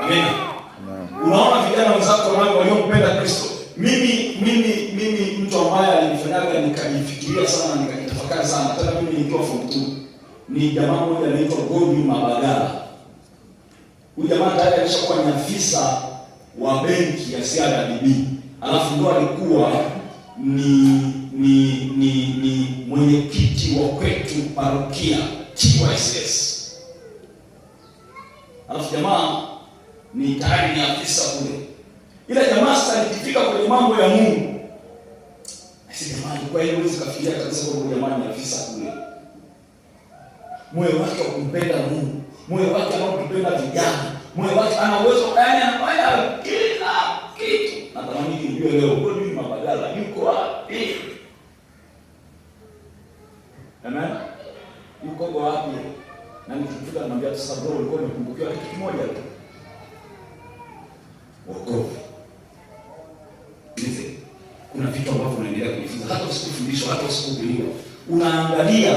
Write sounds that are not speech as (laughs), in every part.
Amen. Unaona vijana wenzako wangu waliompenda Kristo. Mimi mimi mimi mtu ambaye alinifanyaga nikajifikiria sana nikajitafakari sana. Tena mimi nilikuwa form 2. Ni jamaa mmoja anaitwa Godi Mabagala. Huyu jamaa tayari alishakuwa ni afisa wa benki ya CRDB. Alafu ndo alikuwa ni ni ni ni mwenyekiti wa kwetu parokia TYSS. Alafu jamaa ni tayari ni afisa kule, ila jamaa sasa nikifika kwenye mambo ya Mungu jamani, kwa hiyo huwezi kafikiria kabisa kwamba jamani ni afisa kule. Moyo wake wakumpenda Mungu, moyo wake ambao anaokupenda vijana, moyo wake ana uwezo gani? Anafanya kila kitu. Natamani nijue leo kwa nini mabadala yuko wapi? Amen, yuko wapi? Na nikifika namwambia sasa, bro, ulikuwa umekumbukiwa kitu kimoja tu kuna vitu ambavyo unaendelea kujifunza hata usikufundishwa, hata usikuhubiliwa, unaangalia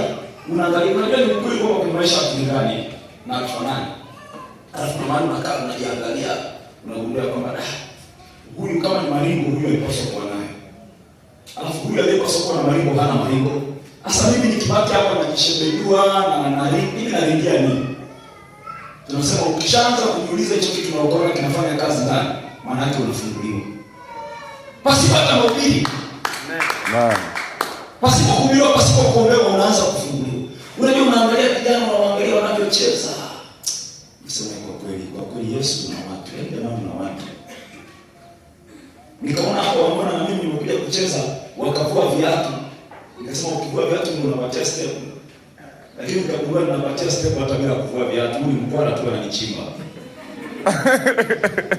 unaangalia. Unajua ni ukweli kwamba kuna maisha ya kulingani na kufanana, alafu kwa maana unakaa unajiangalia, unagundua kwamba da, ah, huyu kama ni maringo, huyu alipaswa kuwa naye alafu huyu aliyepaswa kuwa na maringo hana maringo. Sasa mimi nikibaki hapa najishebejua na nalimi naringia nini? Tunasema ukishaanza kujiuliza hicho kitu na ukaona kinafanya kazi ndani, maana yake unafunguliwa pasipo pasipata mahubiri, pasipo kuhubiriwa, pasipo kuombewa, unaanza kufunguliwa. Unajua, unaangalia vijana wanaangalia wanavyocheza, msema kwa kweli, kwa kweli Yesu na watu yaani, jamani na watu. Nikaona hapo waona na mimi nimekuja kucheza, wakavua viatu, nikasema ukivua viatu ndio unapatia step, lakini nikagundua ninapatia step hata bila kuvua viatu, huyu mkwara tu ananichimba (laughs)